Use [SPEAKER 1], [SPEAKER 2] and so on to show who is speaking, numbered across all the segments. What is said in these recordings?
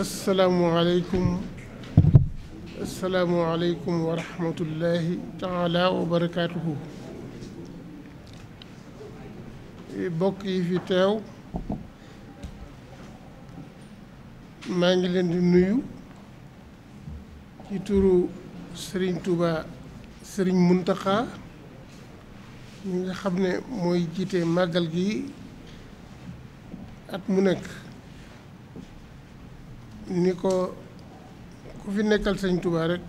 [SPEAKER 1] asalaamualeykum asalaamualeykum wa rahmatullahi taala wa barakaatuhu bokk yi fi teew maa ngi leen di nuyu ci turu Serigne Touba Serigne Mountakha mi nga xam ne mooy jiite màggal gi at mu nekk ni ko ku fi nekkal sëñ Tuubaa rek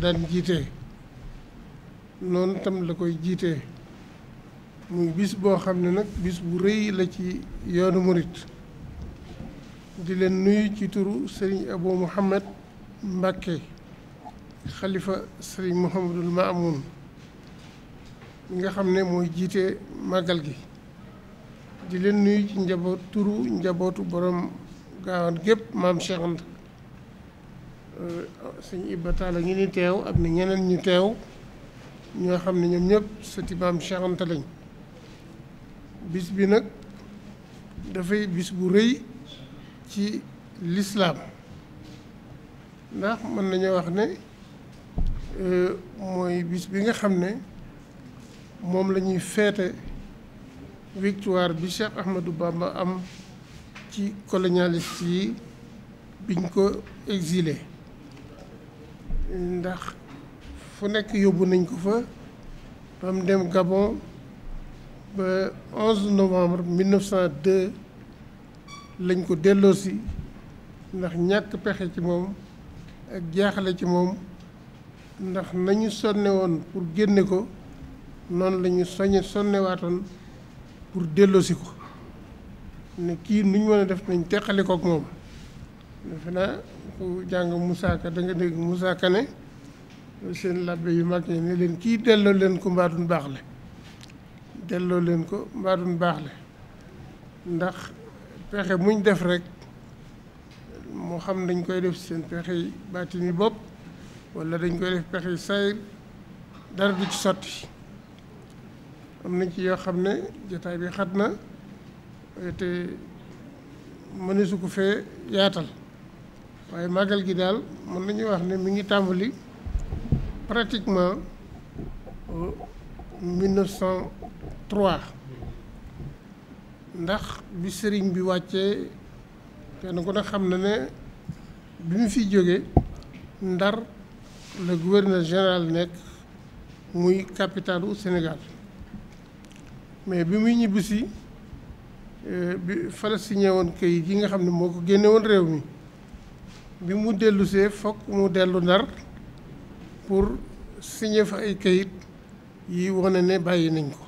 [SPEAKER 1] daan jiite noonu tam la koy jiite muy bis boo xam ne nag bis bu rëy la ci yoonu murit di leen nuyu ci turu sëriñ Abou Mouhamed Mbacke xalifa sëriñ Mouhamadul Maamoun nga xam ne mooy jiite màggal gi di leen nuyu ci njaboot turu njabootu borom. gaawaan gépp maam Cheikh Anta euh, sëñ Ibba Tall ngi ni teew ak na ñeneen ñu teew ñoo xam ne ñoom ñëpp sëti maam Cheikh Anta lañ bis bi nag dafay bis bu rëy ci lislaam ndax mën nañoo wax ne euh, mooy bis bi nga xam ne moom la ñuy feete victoire bi Cheikh Ahmadou Bamba am ci colonialiste yi biñ ko exilé ndax fu nekk yóbbu nañ ko fa ba mu dem Gabon ba 11 lañ ko delloosi ndax ñàkk pexe ci moom ak jaaxle ci moom ndax nañu sonne woon pour génne ko noonu la ñu soñe sonnewaatoon pour delloosi ko ne kii nuñ mën def nañ teqali kook moom defe naa ku jàng Moussa Ka dégg Moussa Ka ne seen labbe yu mag yi ne leen kii delloo leen ko mbaadun baax le delloo leen ko mbaadun baax le ndax pexe muñ def rek moo xam dañ koy def seen pexe yi baatini bopp wala dañ koy def pexe yi sayr dara du ci sotti am na ci yoo xam ne jataay bi xat na te mëneesu ko fee yaatal waaye màggal gi daal mën nañu wax ne mi ngi tàmbali pratiquement 1903 euh, ndax bi sëriñ bi wàcce kenn ko ne xam na ne bi mu fiy jógee Ndar le gouverneur général nekk muy capitalu Sénégal mais bi muy ñibbisi Eh, bi falastine woon kayit yi nga xam ne moo ko génne woon réew mi bi mu dellusee fokk mu dellu ndar pour signer fa ay kayit yi wane ne bàyyi nañ ko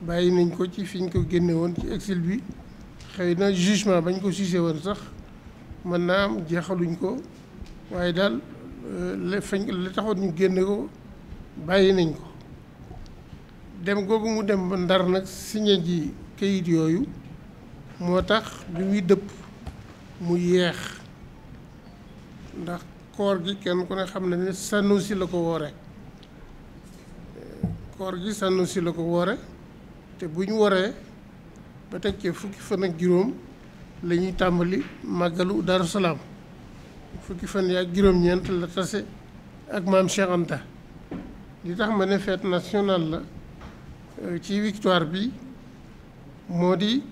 [SPEAKER 1] bàyyi nañ ko ci fi ñu ko génne woon ci exil bi xëy na jugement bañ ko jugé woon sax mën naa am jeexaluñ ko waaye daal eh, la fañ taxoon ñu génne ko bàyyi nañ ko dem googu mu dem ndar nag signé ji kayit yooyu moo tax bi muy dëpp mu yeex ndax koor gi kenn ku ne xam na ne Sanusi la ko woore koor gi Sanusi la ko woore te bu ñu waree ba teg ci fukki fan ak juróom la ñuy tàmbali màggalu Daaru Salaam fukki fan yi ak juróom-ñeent la tase ak maam Cheikh li tax ma ne fête nationale la euh, ci victoire bi moo di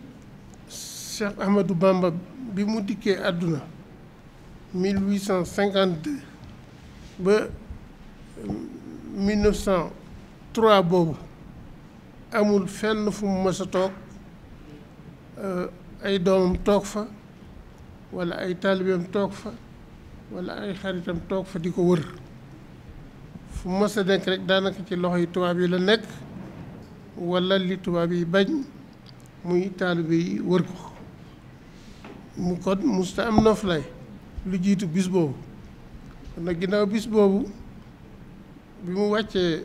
[SPEAKER 1] Cheikh Ahmadou Bamba bi mu dikkee àdduna mil 1852 ba 1903 boobu amul fenn fu mu mës a toog euh, ay doomam toog fa walla ay taalibeem toog fa walla ay xaritam toog fa di ko wër fu mës a nekk rek daanaka ci loxo yi tubaab yi la nekk walla li tubaab yi bañ muy taalibe yi wër ko mu kon musta am noflaay lu jiitu bis boobu kon nag ginnaaw bis boobu bi mu wàccee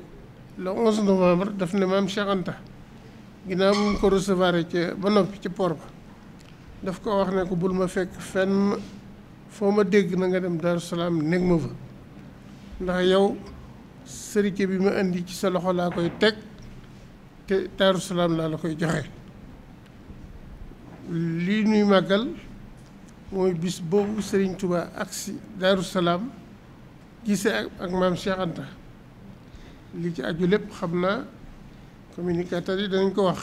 [SPEAKER 1] le 11 novembre daf ne maam Cheikh Anta ginnaaw bu mu ko recevoir ca ba noppi ci port ba daf ko wax ne ko bul ma fekk fenn foo ma dégg na nga dem Darou Salaam nekk ma fa ndax yow sërike bi ma indi ci sa loxo laa koy teg te Darou Salaam laa la koy joxe. lii ñuy màggal mooy bis boobu Serigne Touba agsi Daaru Salaam gisee ak maam Cheikh li ci aju lépp xam naa communicateur yi danañ ko wax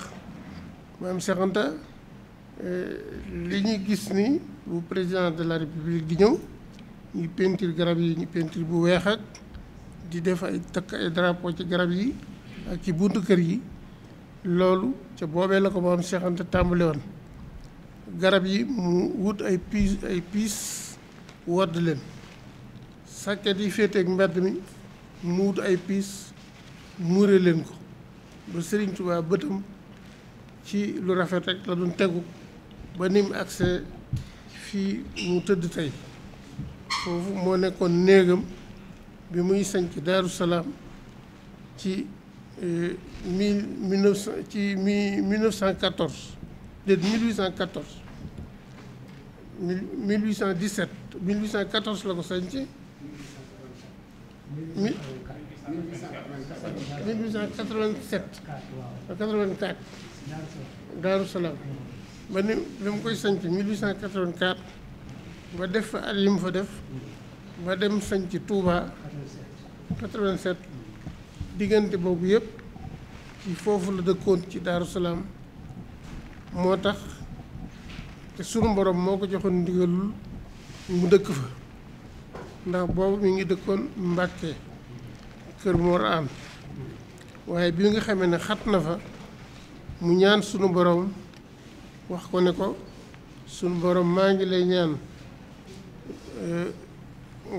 [SPEAKER 1] maam Cheikh eh, li ñu gis ni bu président de la république di ñëw ñu peinture garab yi ñu peinture bu weex ak di def ay takk ay drapeau ci garab yi ak ci buntu kër yi loolu ca boobee la ko maam Cheikh Anta tàmbale woon garab yi mu wut ay piis ay piis wodd leen sàkket yi féeteeg mbedd mi mu wut ay piis muure leen ko ba Sëriñ bëtam ci lu rafet rek la doon tegu ba ni mu agsee fii mu tëdd tey foofu moo nekkoon néegam bi muy sanc Daaru Salaam ci eh, mille neuf cent ci mille neuf cent quatorze de 1814 1817 1814 la ko sanc 1887 84 Daaru Salaam ba ni li mu koy sanc 1884 ba def fa at fa def ba dem sanc Touba 87 diggante boobu yëpp ci foofu la dëkkoon ci Daaru moo tax te sunu borom moo ko joxoon ndigalul mu dëkk fa ndax boobu mi ngi dëkkoon Mbàkke kër Mor An waaye bi nga xamee ne xat na fa mu ñaan sunu boroom wax ko ne ko sunu boroom maa ngi lay ñaan eh,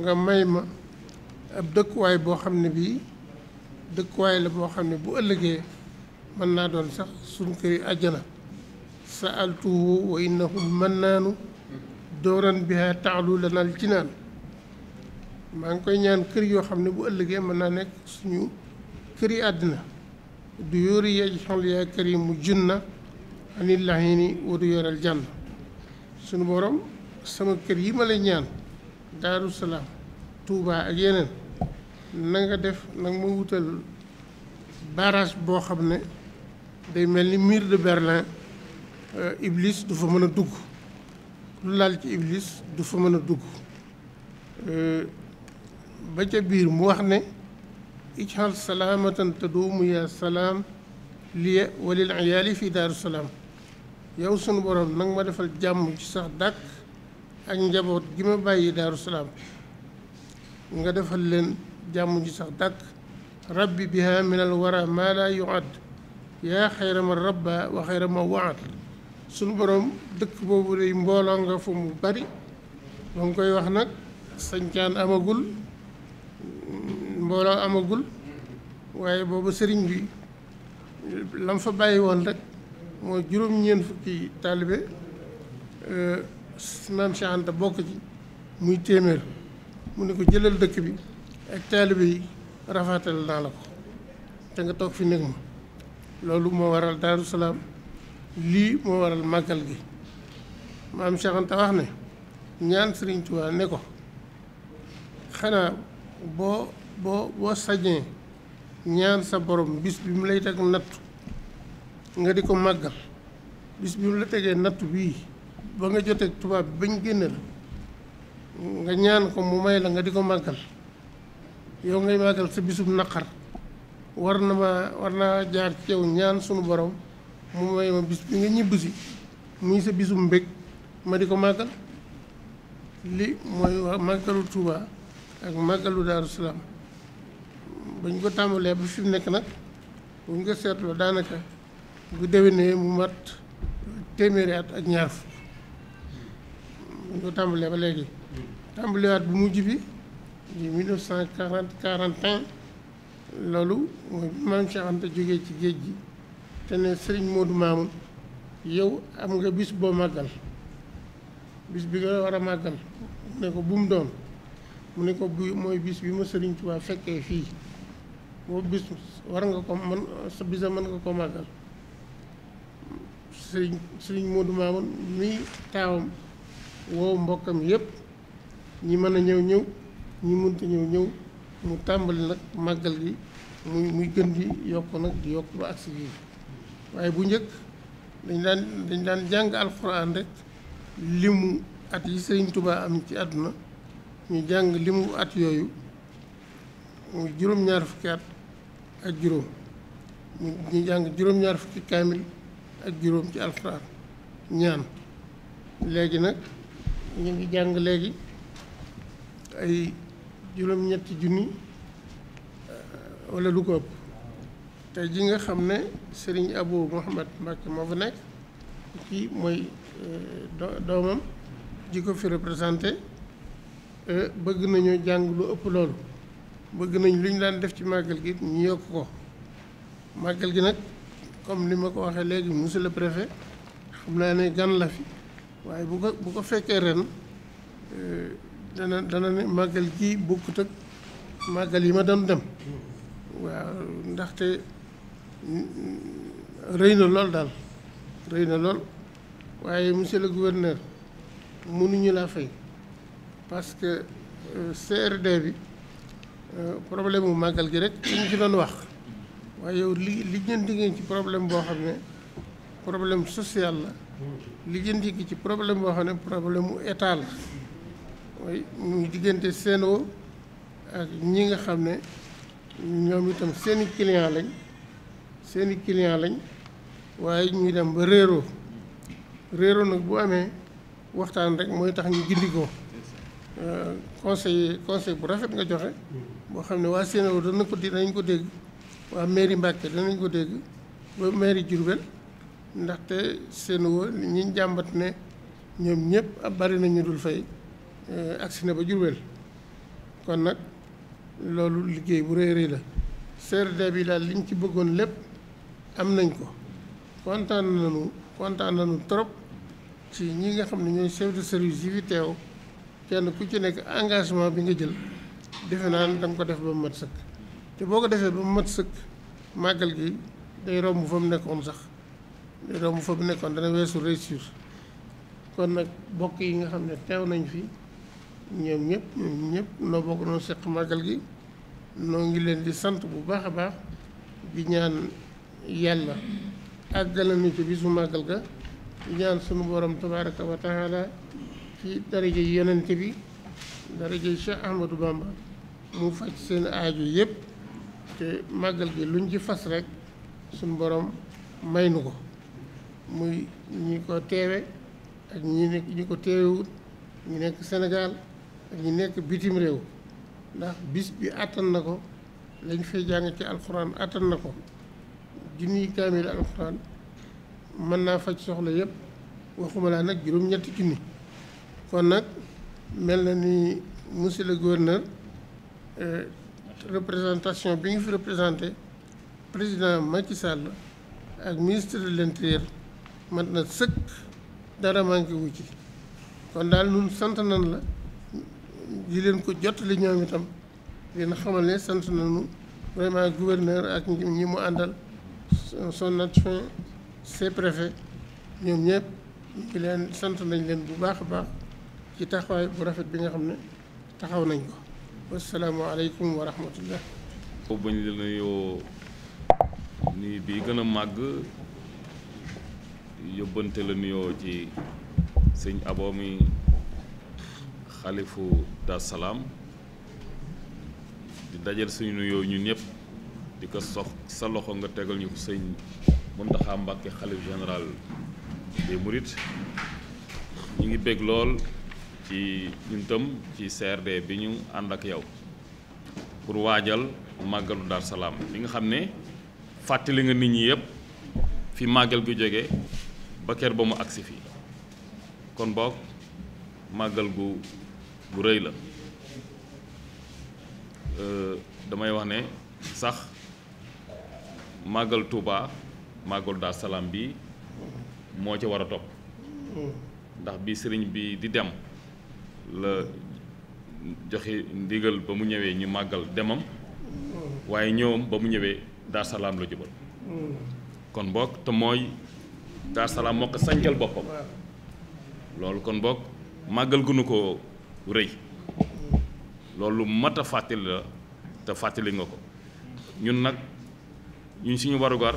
[SPEAKER 1] nga may ma ab dëkkuwaay boo xam ne bii dëkkuwaay la boo xam ne bu ëllëgee mën naa doon sax sunu kër yi sa sa'altuhu wa innahu mannaanu dooran biha taalu lanal jinaan maa ngi koy ñaan kër yoo xam ne bu ëllëgee mën naa nekk suñu kër yi àddina du yóori yej xol yaa kër yi mu junna anillahi ni wadu yoral jànn suñu borom sama kër yi ma lay ñaan daaru salaam ak yeneen na def nag ma wutal barrage boo xam ne day mel ni mur de Berlin Euh, ibliis du fa mën a dugg lu laal ci iblis du fa mën a dugg euh, ba ca biir mu wax ne ijhal salaamatan taduumu yaa salaam liya walil iyaali fi daaru salaam yow sunu borom nag ma defal jàmm ci sax dàkk ak njaboot gi ma bàyyi daaru salaam nga defal leen jàmm ji sax dàkk rab biha min al wara maa laa yuad yaa xayra man rabba wa xayra man waad sunu boroom dëkk boobu day mbooloo nga fu mu bari ba mu koy wax nag sañcaan amagul mbooloo amagul waaye boobu sëriñ bi lam fa bàyyi woon rek moo juróom-ñeent fukki taalibe euh, maam Cheikh Anta bokk ci muy téeméer mu ne ko jëlal dëkk bi ak taalibe yi rafetal naa la ko te nga toog fi nekk ma loolu moo waral Daaru Salaam lii moo waral màggal gi maam Cheikh Anta wax ne ñaan Sëriñ Tuubaa ne ko xanaa boo boo boo sañee ñaan sa boroom bis bi mu lay teg nattu nga di ko màggal bis bi mu la tegee nattu bii ba nga jotee tubaab bi bañ génne la nga ñaan ko mu may la nga di ko màggal yow ngay màggal sa bisub naqar war na ma war naa jaar ci ñaan sunu boroom mu may ma bis bi nga ñibbisi mu muy sa bisu mbég ma di ko màggal li mooy wax màggalu Touba ak màggalu Daaru Salaam ba ñu ko tàmbalee ba fi mu nekk nag bu ñu ko seetloo daanaka bu déwénee mu mat téeméeri at ak ñaar fukk bu ñu ko tàmbalee ba léegi tàmbaliwaat bu mujj bi di 1940 loolu mooy maam Cheikh Anta jógee ci géej gi te ne sëriñ Modou Mamoun yow am nga bis boo màggal bis bi nga war a màggal mu ne ko bu doon mu ne ko bu mooy bis bi ma sëriñ Tuubaa fekkee fii boobu bis war nga ko mën sa bisa mën nga ko màggal sëriñ sëriñ Modou Mamoun mi taawam woow mbokkam yépp ñi mën a ñëw ñëw ñi mënta ñëw ñëw mu tàmbali nag màggal gi muy muy gën di yokk nag di yokk ba agsi yii waaye bu njëkk dañ daan dañ daan jàng alxuraan rek limu at yi sëriñ tubaa am ci àdduna ñu jàng limu at yooyu mu juróom-ñaar fukki at ak juróom ñu jàng juróom-ñaar fukki kaamil ak juróom ci alxuraan ñaan léegi nag ñu ngi jàng léegi ay juróom-ñetti junni wala lu ko ëpp tey ji nga xam ne Serigne Abou Mouhamad Mbacke moo fa nekk kii mooy euh, doomam ji ko fi représenté euh, bëgg nañu jàng lu ëpp loolu bëgg nañ lu ñu daan def ci màggal gi ñu yokk ko màggal gi nag comme ni ma ko waxee léegi monsieur le préfet xam naa ne gan la fi waaye bu ko bu ko fekkee ren euh, dana dana ne màggal gi bokkut màggal yi ma doon dem waaw ndaxte rëy na lool daal rëy na lool waaye monsieur le gouverneur mënuñu laa fay parce que euh, CRD bi euh, problème mu màggal gi rek ñu ci doon wax waaye yow li lijjanti ngeen ci problème boo xam ne problème social la lijjanti gi ci problème boo xam ne problème mu état la mooy muy diggante Sen'Eau ak ñi nga xam ne ñoom itam seeni client lañ seeni client lañ waaye ñuy dem ba réeroo réeroo nag bu amee waxtaan rek mooy tax ñu gindikoo euh, conseil conseil bu rafet nga joxe boo xam ne waa Sénégal danañ ko di danañ ko dégg waa mairie Mbàkke danañ ko dégg ba mairie Diourbel ndaxte Sénégal ñi jàmbat ne ñoom ñëpp ab bari nañu dul fay euh, agsi na ba Diourbel kon nag loolu liggéey bu rëy rëy la CRD bi daal liñ ci bëggoon lépp am nañ ko kontaan nañu kontaan nañu trop si ñi nga xam ne ñooy chef de service yi fi teew kenn ku ci nekk engagement bi nga jël defe naa ne danga ko def ba mu mat sëkk te boo ko defee ba mu mat sëkk màggal gi day romb fa mu nekkoon sax day romb fa mu nekkoon dana weesu réussir kon nag bokk yi nga xam ne teew nañ fii ñoom ñëpp ñoom ñëpp noo bokk noo seq màggal gi noo ngi leen di sant bu baax a baax di ñaan yàlla àggala nu ci bisu màggal ga ñaan sunu borom tabaraka wa taala ci daraje yonente bi daraje Cheikh Ahmadou Bamba mu faj seen aajo yëpp te màggal gi luñ ci fas rek sunu borom may nu ko muy ñi ko teewe ak ñi nekk ñi ko teewewut ñu nekk Sénégal ak ñu nekk bitim réew ndax bis bi àttan na ko lañ fay jàng ci alxuraan àttan na ko junniy kaamil alxuraan mën naa faj soxla yëpp waxuma laa nag juróom-ñetti junni kon nag mel na ni monsieur le gouverneur euh, représentation bi ñu fi représenté président Macky Sall ak ministre de l'intérieur mat na sëkk dara manqué wu ci kon daal ñun sant nan la di leen ko jottali ñoom itam leen xamal ne sant nañu vraiment gouverneur ak ñi mu àndal son adjoint ses préfets ñoom ñëpp ñu ngi leen sant nañ leen bu baax a baax ci taxawaay bu rafet bi nga xam ne taxaw nañ ko wasalaamaaleykum wa rahmatullah
[SPEAKER 2] bañ la nuyoo nii bii gën a màgg yóbbante la nuyoo ci sëñ Abo mi xalifu Dar Salaam di dajal suñu nuyoo ñun ñëpp di ko sox sa loxo nga tegal ñu ko sëñ Muntaxa Mbàkke xalif général des Mourides ñu ngi bég lool ci ñun tam ci CRD bi ñu ànd ak yow pour waajal màggalu daal Salaam li nga xam ne fàttali nga nit ñi yëpp fi màggal gu jóge ba kër ba mu agsi fii kon boog màggal gu gu rëy la euh, damay wax ne sax màggal Touba màggal daa salaam bi moo ci war a topp ndax bii sëriñ bi di dem la joxe ndigal ba mu ñëwee ñu màggal demam waaye ñëwam ba mu ñëwee daa salaam la jubal kon bokk te mooy daa salaam moo ko sancal boppam loolu kon bokk màggal gunu ko rëy loolu mat fàttali la te fàttali nga ko ñun nag ñun suñu warugar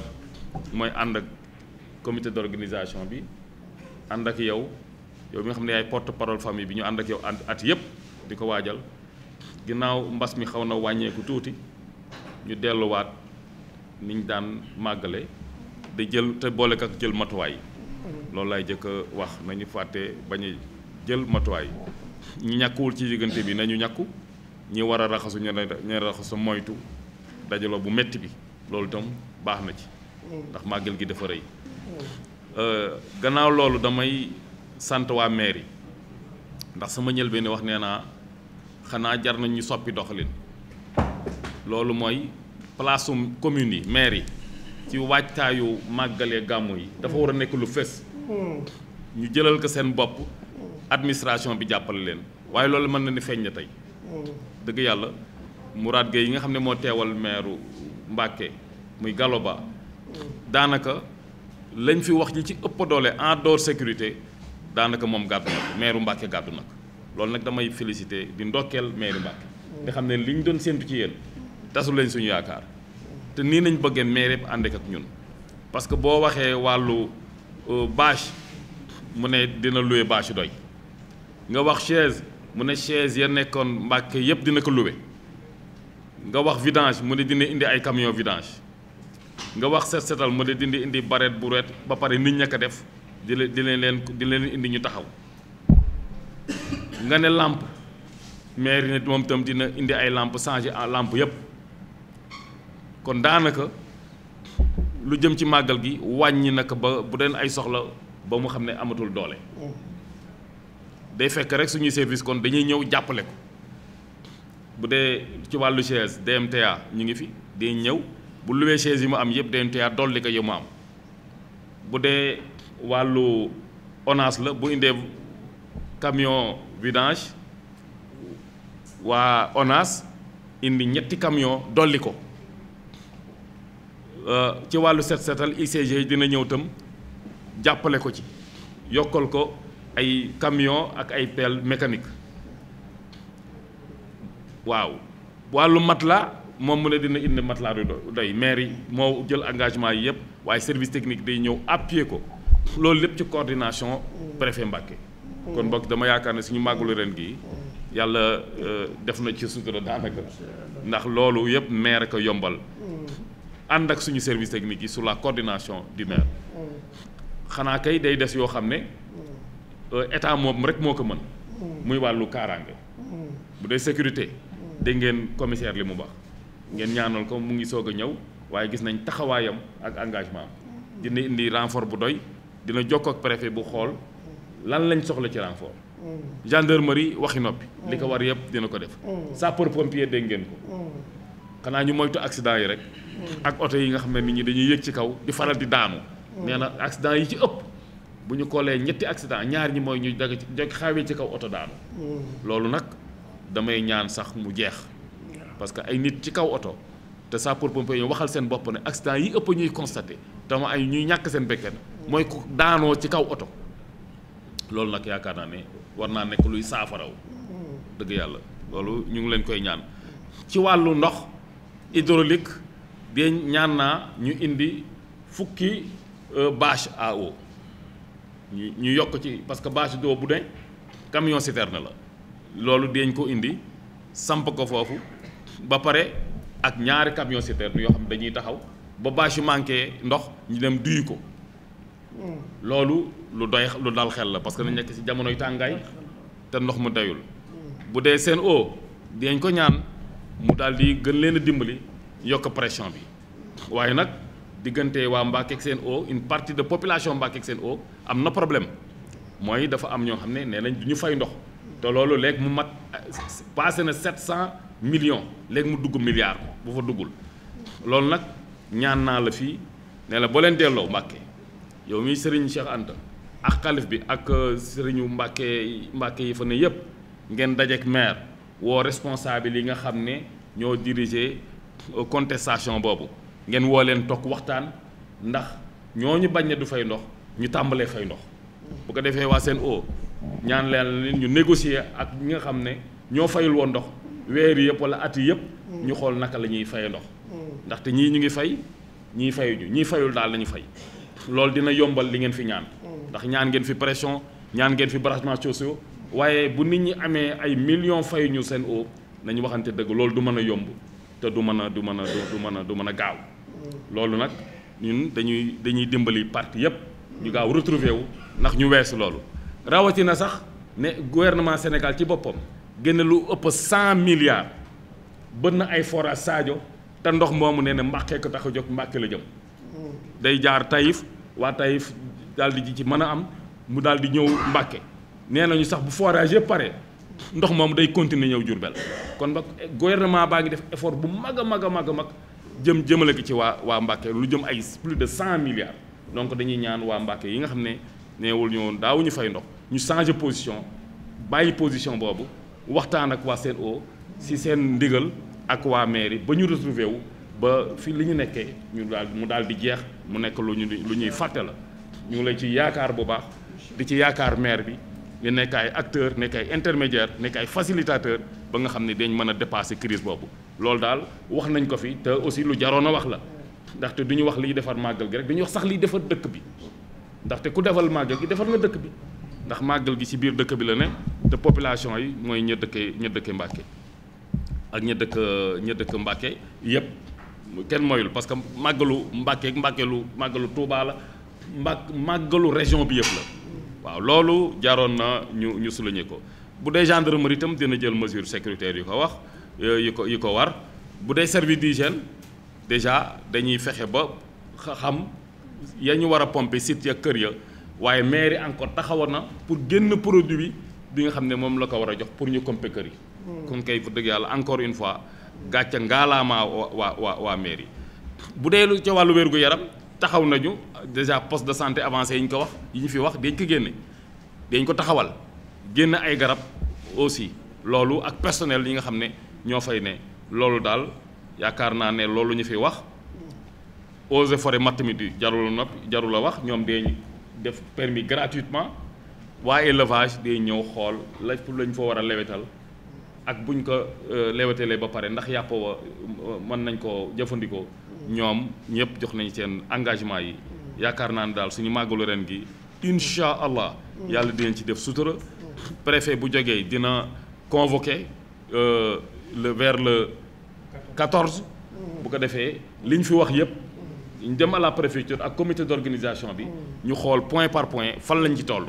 [SPEAKER 2] mooy ànd ak comité d'organisation bi ànd ak yow yow mi xam ne yaay porte parole famille bi ñu ànd ak yow at yëpp di ko waajal ginnaaw mbas mi xaw na wàññeeku tuuti ñu delluwaat niñ daan màggale di jël te boole ak jël matuwaay loolu laay jëkk a wax nañu fàtte bañ a jël matuwaay ñi ñàkkuwul ci diggante bi nañu ñàkku ñi war a raxasu ñu ne raxasu moytu dajaloo bu metti bi loolu itam baax na ci mm. ndax màggal gi dafa rëy euh, gannaaw loolu damay sant waa maire yi ndax sama njëlbéen wax nee naa xanaa jar nañ ñu soppi doxalin loolu mooy place um commune yi maire yi ci waajtaayu màggalee gàmmu yi dafa war a nekk lu fës mm. ñu jëlal ko seen bopp administration bi jàppale leen waaye loolu mën na ni feeñ na tey mm. dëgg yàlla Mourad Gueye yi nga xam ne moo teewal maire Mbàkke muy Galoba daanaka lañ fi wax ñi ci ëpp doole en door sécurité daanaka moom gàddu na ko maire Mbàkke gàddu nag loolu nag damay félicité di ndokkeel maire Mbàkke nga xam ne li ñu doon séntu ci yéen tasu leen suñu yaakaar te nii nañ bëggeen maire yëpp ànd ak ñun parce que boo waxee wàllu euh, bâche mu ne dina loué bâche doy nga wax chaise mu ne chaise ya nekkoon Mbàkke yëpp dina ko loué nga wax vidange mu ne dina indi ay camion vidange nga wax set setal mu ne dina indi bu brouette ba pare nit ña ko def di dina leen di leen indi ñu taxaw nga ne làmp maire nit moom itam dina indi ay làmp changé en làmp yëpp kon daanaka lu jëm ci màggal gi wàññi naka ba bu den ay soxla ba mu xam ne amatul doole oh. day fekk rek suñuy service kon dañuy ñëw jàppale ko. bu dee ci wàllu chaise DMTA ñu ngi fi day ñëw bu luwee chaise yi mu am yëpp DMTA dolli ko yi mu am bu dee wàllu ONAS la bu indee camion vidange waa ONAS indi ñetti camion dolli ko euh, ci wàllu set setal ICG dina ñëw tam jàppale ko ci yokkal ko ay camion ak ay pelle mécanique waaw wàllu matelas moom mu ne dina indi matelas du doy maire yi moo jël engagement yi yëpp waaye service technique day ñëw appuyer ko loolu lépp ci coordination préfet Mbacké kon mbokk dama yaakaar ne suñu màggalu ren gii yàlla euh, def na ci sutura daanaka ndax loolu yëpp maire ko yombal ànd ak suñu service technique yi su la coordination di maire xanaa kay day des yoo xam ne euh, état moom rek moo ko mën muy wàllu kaaraange bu dee sécurité dégg ngeen commissaire li mu baax ngeen ñaanal ko mu ngi soog a ñëw waaye gis nañ taxawaayam ak engagement am dina indi renfort bu doy dina jokkoo ak préfet bu xool lan lañ soxla ci renfort gendarmerie waxi noppi li ko war yëpp dina ko def sapeur pompier dégg ko xanaa ñu moytu accident yi rek ak oto yi nga xam ne nit ñi dañuy yëg ci kaw di faral di daanu nee na accident yi ci ëpp bu ñu koolee ñetti accident ñaar ñi mooy ñu jag ci jag ci kaw oto daanu damay ñaan sax mu jeex parce que ay nit ci kaw oto te sapeurs-pompiers ñoom waxal seen bopp ne accident yi ëpp ñuy constaté tama ay ñuy ñàkk seen bekken mooy ku daanoo ci kaw oto loolu nag yaakaar naa ne war naa nekk luy saafaraw dëgg yàlla loolu ñu ngi leen koy ñaan ci wàllu ndox hydraulique de ñaan naa ñu indi fukki euh, bâche à ñu ñu yokk ci parce que bâche d'eau bu ne camion citerne la loolu deeñ ko indi samp ko foofu ba pare ak ñaari camion citerne yoo xam ne dañuy taxaw ba bâche yu manqué ndox ñu dem duy ko hmm. loolu lu doy lu dal xel la parce que nañ nekk ci jamonoy tàngaay te ndox mu dayul hmm. bu dee seen o deeñ ko ñaan mu daal di gën leen dimbali yokk pression bi waaye nag diggante waa Mbacke seen o une partie de population Mbacke seen o am na problème mooy dafa am ñoo xam ne nee nañ du ñu fay ndox loolu léegi mu mat passé na 700 million léegi mu dugg milliard bu fa duggul loolu nag ñaan naa la fii ne la boo leen delloo Mbàkke yow mi Serigne Cheikh Anta ak xalif bi ak euh, Serigne Mbàkke Mbàkke yi fa ne yëpp ngeen dajeek maire woo responsable yi nga xam ne ñoo diriger euh, contestation boobu ngeen woo leen toog waxtaan ndax ñoo ñu bañ ne du fay ndox ñu tàmbalee fay ndox bu ko defee waa seen o ñaan leen ñu négocier ak ñi nga xam ne ñoo fayul woon ndox weer yëpp wala at yëpp. ñu xool naka la ñuy fayee ndox. ndaxte ñii ñu ngi fay ñii fayuñu ñii fayul daal lañu fay loolu dina yombal li ngeen fi ñaan. ndax ñaan ngeen fi pression ñaan fi branchements sociaux waaye bu nit ñi amee ay millions fayuñu seen eau nañu waxante dëgg loolu du mën a yomb te du mën a du mën a du mën a du mën a gaaw loolu nag ñun dañuy dañuy dimbali parti yëpp ñu gaaw retrouver wu ndax ñu weesu loolu. rawatina sax ne gouvernement Sénégal ci boppam génne lu ëpp cent milliards bën na ay forage Sadio te ndox moomu nee na mbàqee ko tax a jóg mbàqe la jëm. day jaar Taïf waa Taïf daal di ji ci mën a am mu daal di ñëw mbàqe nee nañu sax bu forage yëpp pare ndox moom day continuer ñëw Diourbel kon ba gouvernement baa ngi def effort bu mag a mag a mag mag jëm jëmale ko ci waa waa Mbàkke lu jëm ay plus de cent milliards donc dañuy ñaan waa Mbàkke yi nga xam ne neewul woon daawuñu fay ndox. ñu changé position bàyyi position boobu waxtaan ak waa o si seen ndigal ak waa mairie ba ñu retrouvé wu ba fi li ñu nekkee ñu daal mu daal di jeex mu nekk lu ñu lu ñuy fàtte la ñu ngi lay ci yaakaar bu baax di ci yaakaar meer bi nga nekkaay ay acteur nekk ay intermédiaire nekk ay facilitateur ba nga xam ne dañ mën a dépasser crise boobu loolu daal wax nañ ko fi te aussi lu jaroon a wax la ndaxte du ñu wax liy defar màggal gi rek du ñu wax sax liy defar dëkk bi ndaxte ku defal màggal gi defar na dëkk bi ndax màggal gi ci biir dëkk bi la ne te population yi mooy ña dëkkee ña dëkkee Mbàkke ak ña dëkk ña dëkk Mbàkke yëpp kenn moyul parce que màggalu Mbàkke ak mbàkkeelu màggalu Tuubaa la mbà màggalu région bi yëpp la waaw loolu jaroon na ñu ñu souligner ko bu dee ma itam dina jël mesure sécuritaire yu ko wax euh, yu ko yu ko war bu dee service d'hygiène déjà dañuy fexe ba xam ya ñu war a pomper site ya kër ya waaye mairie encore taxawoon na pour génn produit bi bi nga xam ne moom la ko war a jox pour ñu compé kër yi. kon kay fa dëgg yàlla encore une fois gàcce ngaalaamaa waa waa waa mairie. bu dee ca wàllu wérgu yaram taxaw nañu déjà poste de santé avancé yi ñu ko wax yi ñu fi wax dañ ko génne dañ ko taxawal génn ay garab aussi loolu ak personnel yi nga xam ne ñoo fay ne loolu daal yaakaar naa ne loolu ñu fi wax eaux et forêt matt mi di jarul nopp jarul wax ñoom deeñ def permis gratuitement waa élevage day ñëw xool la lañ fa war a lewetal ak buñ ko euh, lewetalee ba pare ndax yàpp wa euh, mën nañ ko jëfandikoo ñoom ñëpp jox nañ seen engagement yi yaakaar naa ne daal suñu màggalu ren gi incha allah yàlla dinañ ci def sutura préfet bu jógee dina convoqué euh, le vers le 14 bu ko defee li ñu fi wax yëpp ñu dem à préfecture ak comité d'organisation bi. ñu xool point par point fan lañ ci toll.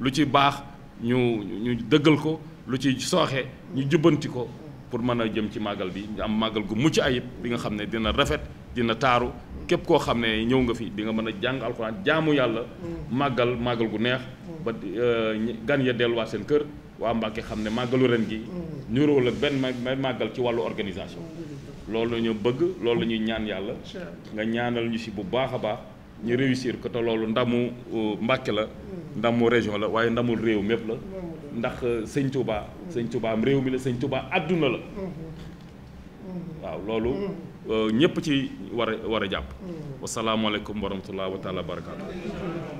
[SPEAKER 2] lu ci baax ñu ñu dëggal ko lu ci sooxe ñu jubbanti ko. pour mën a jëm ci màggal bi am màggal gu mucc ayib bi nga xam ne dina rafet dina taaru képp koo xam ne ñëw nga fi di nga mën a jàng alxuraan jaamu yàlla. màggal màggal gu neex. ba euh, gan ya delluwaat seen kër waa Mbàkke xam ne màggalu ren gi. Mm. niróo la benn benn màggal ci wàllu organisation. Mm. loolu la ñu bëgg loolu la ñuy ñaan yàlla nga ñaanal ñu si bu baax a baax ñu réussir ko te loolu ndamu euh, Mbàkke la hmm. ndamu région la waaye ndamul réew mépp la ndax euh, sëñ tubaa hmm. sëñ Touba am réew mi la sëñ Touba àdduna la hmm. waaw loolu euh, ñëpp ci war a war a jàpp wasalaamaaleykum wa rahmatulah wa
[SPEAKER 3] barakaatu